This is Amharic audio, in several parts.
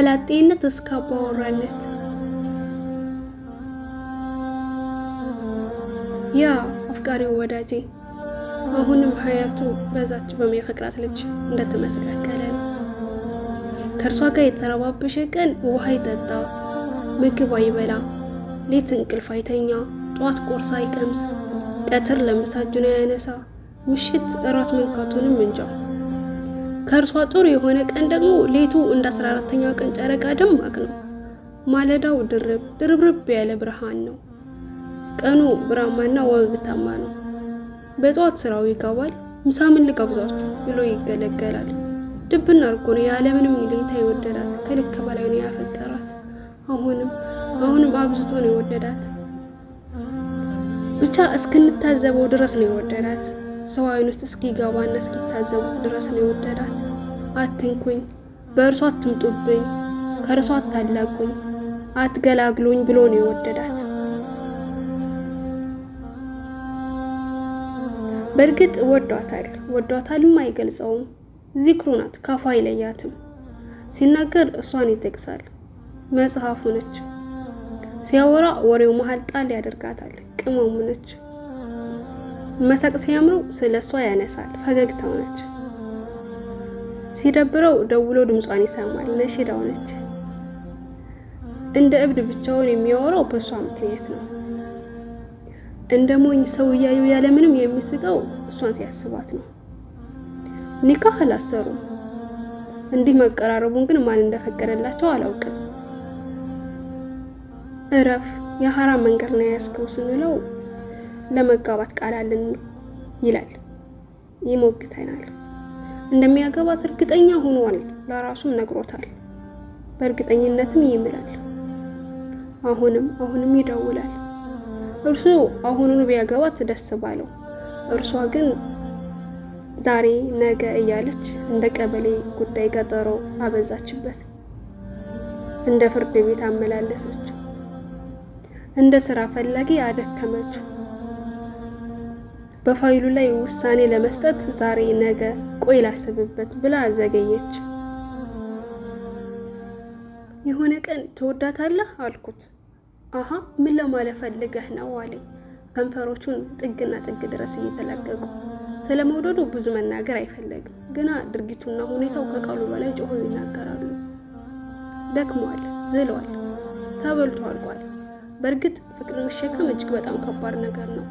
ከላጤነት እስከ አባወራነት ያ አፍቃሪው ወዳጄ አሁንም ሀያቱ በዛች በሚያፈቅራት ልጅ እንደተመስቀቀለ ነው። ከእርሷ ጋር የተረባበሸ ቀን ውሃ አይጠጣ፣ ምግብ አይበላ፣ ሌት እንቅልፍ አይተኛ፣ ጠዋት ቁርስ አይቀምስ፣ ቀትር ለምሳ እጁን አያነሳ፣ ምሽት እራት መንካቱንም እንጃ። ከእርሷ ጥሩ የሆነ ቀን ደግሞ ሌቱ እንደ አስራ አራተኛው ቀን ጨረቃ ደማቅ ነው። ማለዳው ድርብ ድርብርብ ያለ ብርሃን ነው። ቀኑ ብራማና ወግታማ ነው። በጠዋት ስራው ይገባል። ምሳ ምን ልጋብዛችሁ ብሎ ይገለገላል። ድብና አርጎ ነው ያለምንም ሁኔታ የወደዳት። ከልክ በላይ ነው ያፈቀራት። አሁንም አሁንም አብዝቶ ነው የወደዳት። ብቻ እስክንታዘበው ድረስ ነው የወደዳት። በሰው አይን ውስጥ እስኪገባና እስኪታዘቡት ድረስ ነው የወደዳት። አትንኩኝ፣ በእርሷ አትምጡብኝ፣ ከእርሷ አታላቁኝ፣ አትገላግሉኝ ብሎ ነው የወደዳት። በእርግጥ ወዷታል፣ ወዷታልም አይገልጸውም። ዚክሩ ናት፣ ካፏ አይለያትም። ሲናገር እሷን ይጠቅሳል፣ መጽሐፉ ነች። ሲያወራ ወሬው መሀል ጣል ያደርጋታል፣ ቅመሙ ነች። መሳቅ ሲያምረው ስለ እሷ ያነሳል፣ ፈገግታው ነች። ሲደብረው ደውሎ ድምጿን ይሰማል፣ ነሽዳው ነች። እንደ እብድ ብቻውን የሚያወራው በእሷ ምክንያት ነው። እንደ ሞኝ ሰው እያዩ ያለምንም የሚስቀው እሷን ሲያስባት ነው። ኒካህ አላሰሩም። እንዲህ መቀራረቡን ግን ማን እንደፈቀደላቸው አላውቅም። እረፍ የሐራም መንገድ ነው ያስከው ስንለው ለመጋባት ቃል አለን ይላል ይሞግተናል። እንደሚያገባት እርግጠኛ ሆኗል፣ ለራሱም ነግሮታል። በእርግጠኝነትም ይምላል። አሁንም አሁንም ይደውላል። እርሱ አሁኑን ቢያገባት ደስ ባለው፣ እርሷ ግን ዛሬ ነገ እያለች እንደ ቀበሌ ጉዳይ ቀጠሮ አበዛችበት። እንደ ፍርድ ቤት አመላለሰችው። እንደ ስራ ፈላጊ አደከመችው። በፋይሉ ላይ ውሳኔ ለመስጠት ዛሬ ነገ ቆይ ላስብበት ብላ አዘገየች። የሆነ ቀን ትወዳታለህ አልኩት። አሀ ምን ለማለት ፈልገህ ነው አለኝ፣ ከንፈሮቹን ጥግና ጥግ ድረስ እየተላቀቁ። ስለ መውደዱ ብዙ መናገር አይፈለግም፣ ግና ድርጊቱና ሁኔታው ከቃሉ በላይ ጮሆ ይናገራሉ። ደክሟል፣ ዝሏል፣ ተበልቶ አልቋል። በእርግጥ ፍቅር መሸከም እጅግ በጣም ከባድ ነገር ነው።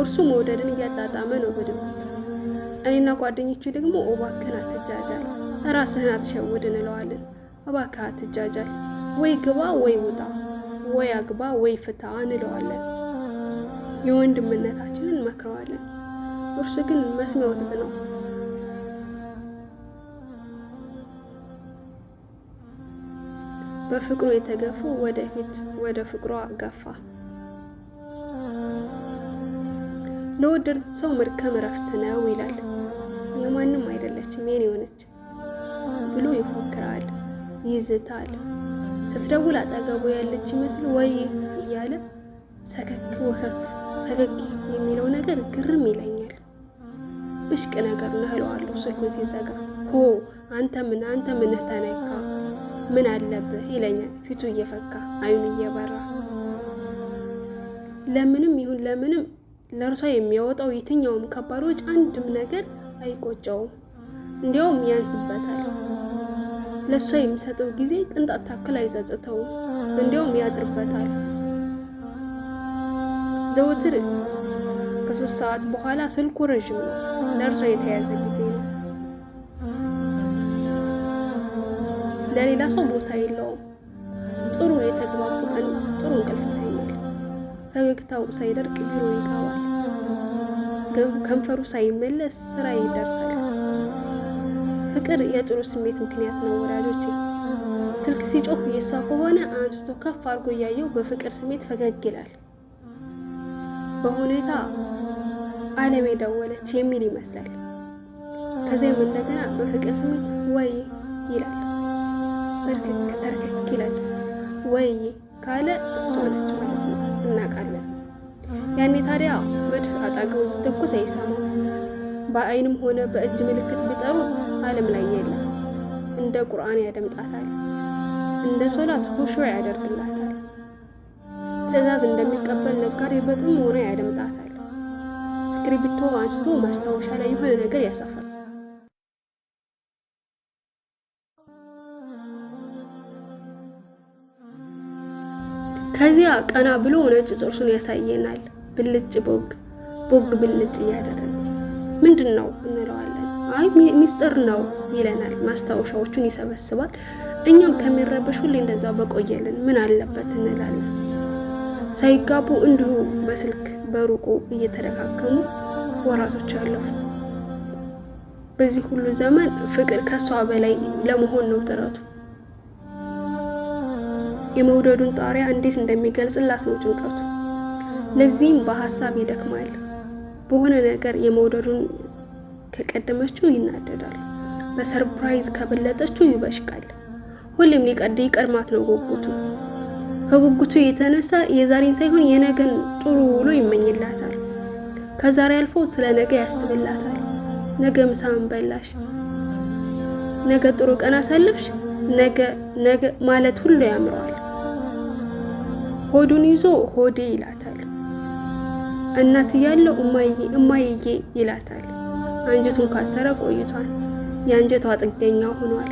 እርሱ መውደድን እያጣጣመ ነው በድብቅ። እኔና ጓደኞቹ ደግሞ እባክህን አትጃጃል፣ ራስህን አትሸውድ እንለዋለን። እባክህ አትጃጃል፣ ወይ ግባ ወይ ውጣ፣ ወይ አግባ ወይ ፍታ እንለዋለን። የወንድምነታችንን እንመክረዋለን። እርሱ ግን መስሚያው ጥጥ ነው። በፍቅሩ የተገፉ ወደፊት ወደ ፍቅሯ አጋፋ። ለወደድ ሰው መድከም እረፍት ነው ይላል። የማንም አይደለችም የኔ የሆነች ብሎ ይፎክራል፣ ይዝታል። ስትደውል አጠገቡ ያለች ይመስል ወይ እያለ ሰከክ ወከክ ፈገግ የሚለው ነገር ግርም ይለኛል። ብሽቅ ነገር ነው እለዋለሁ ስልኩን ሲዘጋ። ሆ አንተ ምን አንተ ምን ተነካ ምን አለብህ ይለኛል፣ ፊቱ እየፈካ አይኑ እየበራ ለምንም ይሁን ለምንም ለእርሷ የሚያወጣው የትኛውም ከባድ ወጪ አንድም ነገር አይቆጨውም፣ እንዲያውም ያንስበታል። ለእሷ የሚሰጠው ጊዜ ቅንጣት ታክል አይጸጽተውም፣ እንዲያውም ያጥርበታል። ዘውትር ከሶስት ሰዓት በኋላ ስልኩ ረዥም ነው፣ ለእርሷ የተያዘ ጊዜ ነው። ለሌላ ሰው ቦታ የለውም። ፈገግታው ሳይደርቅ ቢሮ ይተዋል። ከንፈሩ ሳይመለስ ስራ ይደርሳል። ፍቅር የጥሩ ስሜት ምክንያት ነው ወዳጆች ስልክ ሲጮህ የእሷ ከሆነ አንስቶ ከፍ አድርጎ እያየው በፍቅር ስሜት ፈገግ ይላል። በሁኔታ አለም የደወለች የሚል ይመስላል። ከዚያም እንደገና በፍቅር ስሜት ወይ ይላል። በርከክ ይላል። ወይ ካለ እሷ ነች። እናውቃለን። ያኔ ታዲያ መድፍ አጣገው ትኩስ አይሰማም። በአይንም ሆነ በእጅ ምልክት ቢጠሩ ዓለም ላይ የለም። እንደ ቁርአን ያደምጣታል፣ እንደ ሶላት ሁሹ ያደርግላታል። ትዕዛዝ እንደሚቀበል ነጋዴ ሆነ ያደምጣታል። እስክሪብቶ አንስቶ ማስታወሻ ላይ የሆነ ነገር ያሳፋል። ከዚያ ቀና ብሎ ነጭ ጥርሱን ያሳየናል። ብልጭ ቦግ ቦግ ብልጭ እያደረገ ምንድን ነው እንለዋለን። አይ ሚስጥር ነው ይለናል። ማስታወሻዎቹን ይሰበስባል። እኛም ከሚረበሽ ሁሌ እንደዛ በቆየልን ምን አለበት እንላለን። ሳይጋቡ እንዲሁ በስልክ በሩቁ እየተደጋገሙ ወራቶች አለፉ። በዚህ ሁሉ ዘመን ፍቅር ከሷ በላይ ለመሆን ነው ጥረቱ። የመውደዱን ጣሪያ እንዴት እንደሚገልጽ ነው ጭንቀቱ። ለዚህም በሀሳብ ይደክማል። በሆነ ነገር የመውደዱን ከቀደመችው ይናደዳል። በሰርፕራይዝ ከበለጠችው ይበሽቃል። ሁሌም ሊቀድ ይቀድማት ነው ጉጉቱ። ከጉጉቱ የተነሳ የዛሬን ሳይሆን የነገን ጥሩ ውሎ ይመኝላታል። ከዛሬ አልፎ ስለ ነገ ያስብላታል። ነገ ምሳም በላሽ፣ ነገ ጥሩ ቀን አሳልፍሽ፣ ነገ ነገ ማለት ሁሉ ያምረዋል። ሆዱን ይዞ ሆዴ ይላታል። እናት እያለው እማዬ እማዬዬ ይላታል። አንጀቱን ካሰረ ቆይቷል። የአንጀቷ ጥገኛ ሆኗል።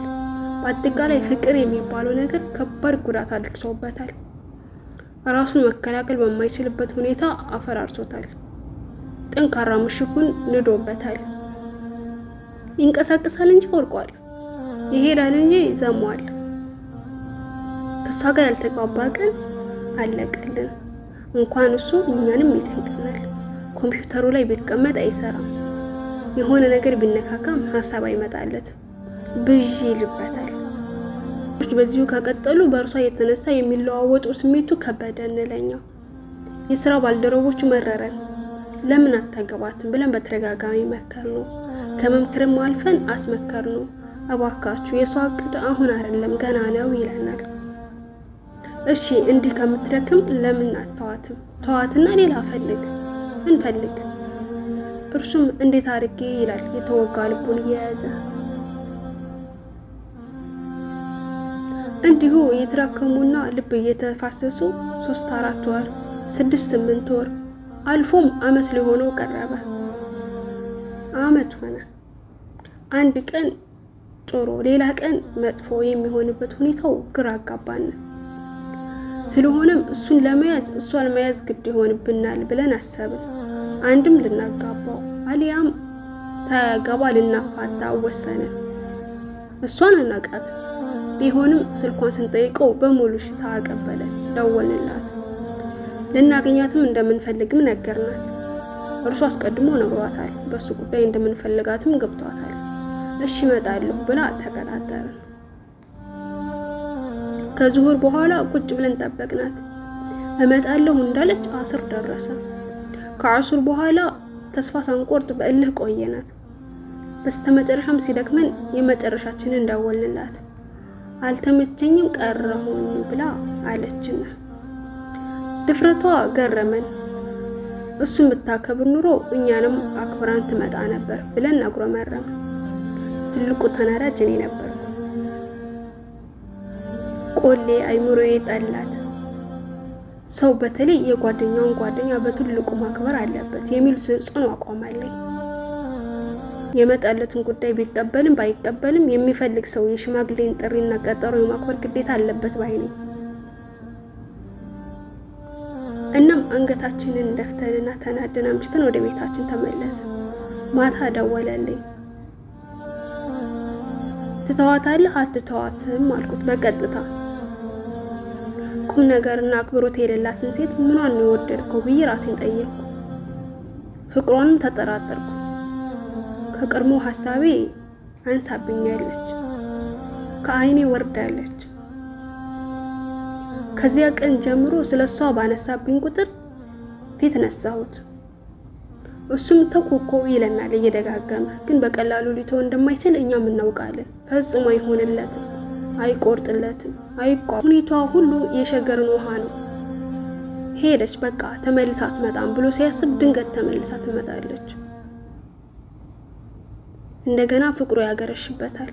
በአጠቃላይ ፍቅር የሚባለው ነገር ከባድ ጉዳት አድርሶበታል። ራሱን መከላከል በማይችልበት ሁኔታ አፈራርሶታል። ጠንካራ ምሽጉን ንዶበታል። ይንቀሳቀሳል እንጂ ወርቋል። ይሄዳል እንጂ ዘሟል። ከእሷ ጋር ያልተግባባ ቀን አለቀልን። እንኳን እሱ እኛንም ይጠይቀናል። ኮምፒውተሩ ላይ ቢቀመጥ አይሰራም። የሆነ ነገር ቢነካካም ሀሳብ አይመጣለትም፣ ብዥ ይልበታል። በዚሁ ከቀጠሉ በእርሷ የተነሳ የሚለዋወጡ ስሜቱ ከበደ እንለኛው። የስራ ባልደረቦቹ መረረን። ለምን አታገባትም ብለን በተደጋጋሚ መከር ነው። ከመምከርም አልፈን አስመከር ነው። እባካችሁ የሷ እቅድ አሁን አይደለም ገና ነው ይለናል። እሺ እንዲህ ከምትደክም ለምን አተዋትም? ተዋትና ሌላ ፈልግ እንፈልግ። እርሱም እንዴት አድርጌ ይላል የተወጋ ልቡን እየያዘ እንዲሁ የተራከሙና ልብ እየተፋሰሱ ሶስት አራት ወር ስድስት ስምንት ወር አልፎም አመት ሊሆነው ቀረበ። አመት ሆነ። አንድ ቀን ጥሩ ሌላ ቀን መጥፎ የሚሆንበት ሁኔታው ግራ አጋባን። ስለሆነም እሱን ለመያዝ እሷን መያዝ ግድ ይሆንብናል ብለን አሰብን። አንድም ልናጋባው አሊያም ሳያገባ ልናፋታ ወሰንን። እሷን አናቃት ቢሆንም ስልኳን ስንጠይቀው በሙሉ ሽታ አቀበለን። ደወልንላት፣ ልናገኛትም እንደምንፈልግም ነገርናት። እርሱ አስቀድሞ ነግሯታል። በእሱ ጉዳይ እንደምንፈልጋትም ገብቷታል። እሺ እመጣለሁ ብላ ተቀጣጠርን። ከዙሁር በኋላ ቁጭ ብለን ጠበቅናት። እመጣለሁ እንዳለች አስር ደረሰ። ከአስር በኋላ ተስፋ ሳንቆርጥ በእልህ ቆየናት። በስተመጨረሻም ሲደክመን የመጨረሻችንን እንዳወልንላት አልተመቸኝም ቀረሁኝ ብላ አለችን። ድፍረቷ ገረመን። እሱን ብታከብር ኑሮ እኛንም አክብራን ትመጣ ነበር ብለን አጉረመረም። ትልቁ ተናዳጅ እኔ ነበር። ቆሌ አይምሮ ጠላት። ሰው በተለይ የጓደኛውን ጓደኛ በትልቁ ማክበር አለበት የሚል ጽኑ አቋም አለኝ። የመጣለትን ጉዳይ ቢቀበልም ባይቀበልም የሚፈልግ ሰው የሽማግሌን ጥሪና ቀጠሮ የማክበር ግዴታ አለበት ባይ ነኝ። እናም አንገታችንን ደፍተንና ተናደን አምሽተን ወደ ቤታችን ተመለሰ ማታ ደወለልኝ። ትተዋታለህ አትተዋትም አልኩት በቀጥታ ነገር ነገርና አክብሮት የሌላትን ሴት ምኗን ነው የወደድከው ብዬ ራሴን ጠየቅኩ። ፍቅሯንም ተጠራጠርኩ። ከቀድሞ ሀሳቤ አንሳብኛለች፣ ከአይኔ ወርዳለች። ከዚያ ቀን ጀምሮ ስለሷ ባነሳብኝ ቁጥር ፊት ነሳሁት። እሱም ተኮኮ ይለናል እየደጋገመ ግን በቀላሉ ሊተው እንደማይችል እኛም እናውቃለን። ፈጽሞ አይሆንለትም። አይቆርጥለትም፣ አይቋ ሁኔታዋ ሁሉ የሸገርን ውሃ ነው። ሄደች በቃ ተመልሳ አትመጣም ብሎ ሲያስብ ድንገት ተመልሳ ትመጣለች። እንደገና ፍቅሩ ያገረሽበታል።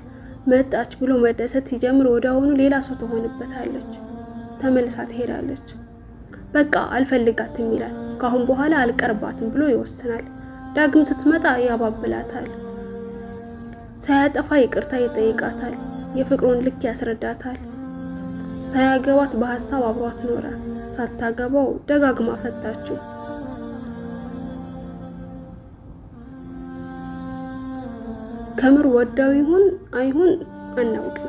መጣች ብሎ መደሰት ሲጀምር ወደ አሁኑ ሌላ ሰው ትሆንበታለች። ተመልሳ ትሄዳለች። በቃ አልፈልጋትም ይላል። ከአሁን በኋላ አልቀርባትም ብሎ ይወስናል። ዳግም ስትመጣ ያባብላታል። ሳያጠፋ ይቅርታ ይጠይቃታል። የፍቅሩን ልክ ያስረዳታል። ሳያገባት በሀሳብ አብሯት ኖረ። ሳታገባው ደጋግማ ፈታችው። ከምር ወዳው ይሁን አይሁን አናውቅም።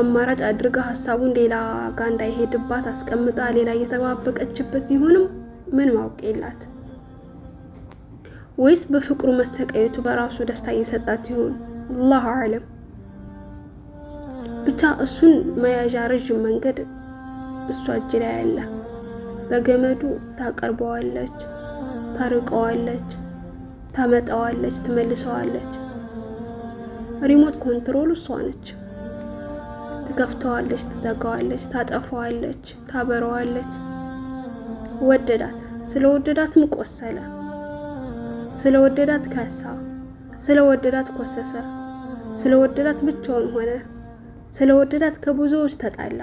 አማራጭ አድርጋ ሀሳቡን ሌላ ጋ እንዳይሄድባት አስቀምጣ ሌላ እየተባበቀችበት ቢሆንም ምን ማወቅ የላት ወይስ በፍቅሩ መሰቃየቱ በራሱ ደስታ እየሰጣት ይሆን? አላሁ አለም። ብቻ እሱን መያዣ ረዥም መንገድ እሷ እጅ ላይ አለ። በገመዱ ታቀርበዋለች፣ ታርቀዋለች፣ ታመጣዋለች፣ ትመልሰዋለች። ሪሞት ኮንትሮል እሷ ነች። ትከፍተዋለች፣ ትዘጋዋለች፣ ታጠፋዋለች፣ ታበረዋለች። ወደዳት። ስለወደዳትም ቆሰለ። ስለወደዳት ከሳ። ስለወደዳት ኮሰሰ። ስለወደዳት ብቻውን ሆነ። ስለወደዳት ከብዙዎች ተጣላ፣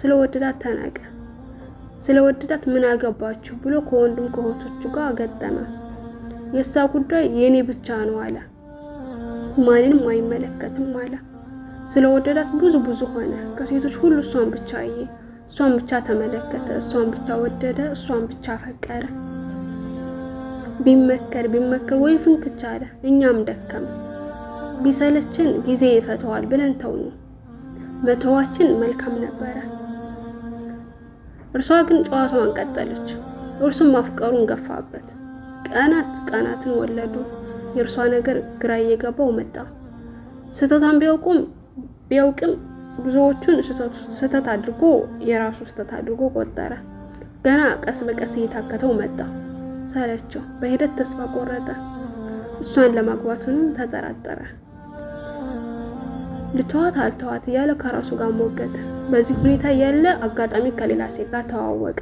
ስለወደዳት ተናቀ፣ ስለወደዳት ምን አገባችሁ ብሎ ከወንድም ከእህቶቹ ጋር ገጠመ። የእሷ ጉዳይ የኔ ብቻ ነው አለ፣ ማንንም አይመለከትም አለ። ስለወደዳት ብዙ ብዙ ሆነ፣ ከሴቶች ሁሉ እሷን ብቻ አየ፣ እሷን ብቻ ተመለከተ፣ እሷን ብቻ ወደደ፣ እሷን ብቻ ፈቀረ። ቢመከር ቢመከር ወይ ፍንክች አለ። እኛም ደከም ቢሰለችን ጊዜ ይፈተዋል ብለን ተው መተዋችን መልካም ነበረ። እርሷ ግን ጨዋታዋን ቀጠለች። እርሱም ማፍቀሩን ገፋበት። ቀናት ቀናትን ወለዱ። የእርሷ ነገር ግራ እየገባው መጣ። ስህተቷን ቢያውቁም ቢያውቅም ብዙዎቹን ስህተት አድርጎ የራሱ ስህተት አድርጎ ቆጠረ። ገና ቀስ በቀስ እየታከተው መጣ። ሰለቸው። በሂደት ተስፋ ቆረጠ። እሷን ለማግባቱንም ተጠራጠረ። ልተዋት አልተዋት እያለ ከራሱ ጋር ሞገተ። በዚህ ሁኔታ እያለ አጋጣሚ ከሌላ ሴት ጋር ተዋወቀ።